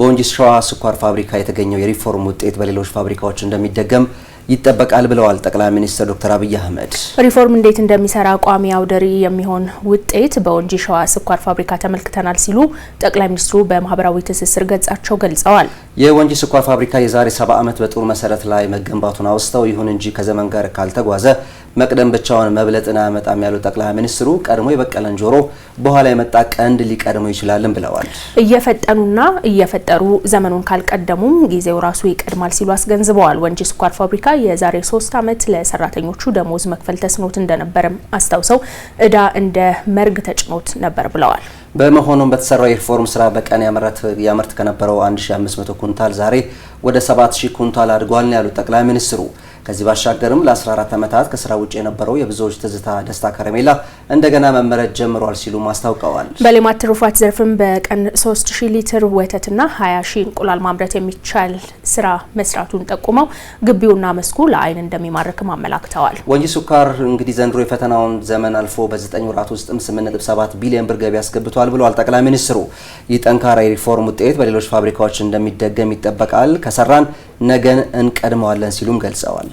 በወንጂ ሸዋ ስኳር ፋብሪካ የተገኘው የሪፎርም ውጤት በሌሎች ፋብሪካዎች እንደሚደገም ይጠበቃል ብለዋል ጠቅላይ ሚኒስትር ዶክተር አብይ አህመድ። ሪፎርም እንዴት እንደሚሰራ ቋሚ አውደሪ የሚሆን ውጤት በወንጂ ሸዋ ስኳር ፋብሪካ ተመልክተናል ሲሉ ጠቅላይ ሚኒስትሩ በማህበራዊ ትስስር ገጻቸው ገልጸዋል። የወንጂ ስኳር ፋብሪካ የዛሬ ሰባ ዓመት በጥሩ መሰረት ላይ መገንባቱን አውስተው ይሁን እንጂ ከዘመን ጋር ካልተጓዘ መቅደም ብቻውን መብለጥን አያመጣም ያሉት ጠቅላይ ሚኒስትሩ ቀድሞ የበቀለን ጆሮ በኋላ የመጣ ቀንድ ሊቀድሙ ይችላልን ብለዋል። እየፈጠኑና እየፈጠሩ ዘመኑን ካልቀደሙም ጊዜው ራሱ ይቀድማል ሲሉ አስገንዝበዋል። ወንጂ ስኳር ፋብሪካ የዛሬ ሶስት ዓመት ለሰራተኞቹ ደሞዝ መክፈል ተስኖት እንደነበርም አስታውሰው እዳ እንደ መርግ ተጭኖት ነበር ብለዋል። በመሆኑም በተሰራው የሪፎርም ስራ በቀን ያመርት ከነበረው 1500 ኩንታል ዛሬ ወደ 7000 ኩንታል አድጓል ያሉት ጠቅላይ ሚኒስትሩ ከዚህ ባሻገርም ለ14 ዓመታት ከስራ ውጭ የነበረው የብዙዎች ትዝታ ደስታ ከረሜላ እንደገና መመረት ጀምሯል ሲሉም አስታውቀዋል። በሌማት ትሩፋት ዘርፍም በቀን ሺ ሊትር ወተትና 20 ሺ እንቁላል ማምረት የሚቻል ስራ መስራቱን ጠቁመው ግቢውና መስኩ ለአይን እንደሚማርክም አመላክተዋል። ወንጂ ሱካር እንግዲህ ዘንድሮ የፈተናውን ዘመን አልፎ በ9 ወራት ውስጥም 8.7 ቢሊዮን ብር ገቢ ያስገብቷል ብለዋል ጠቅላይ ሚኒስትሩ። ይህ ጠንካራ የሪፎርም ውጤት በሌሎች ፋብሪካዎች እንደሚደገም ይጠበቃል ከሰራን ነገን እንቀድመዋለን ሲሉም ገልጸዋል።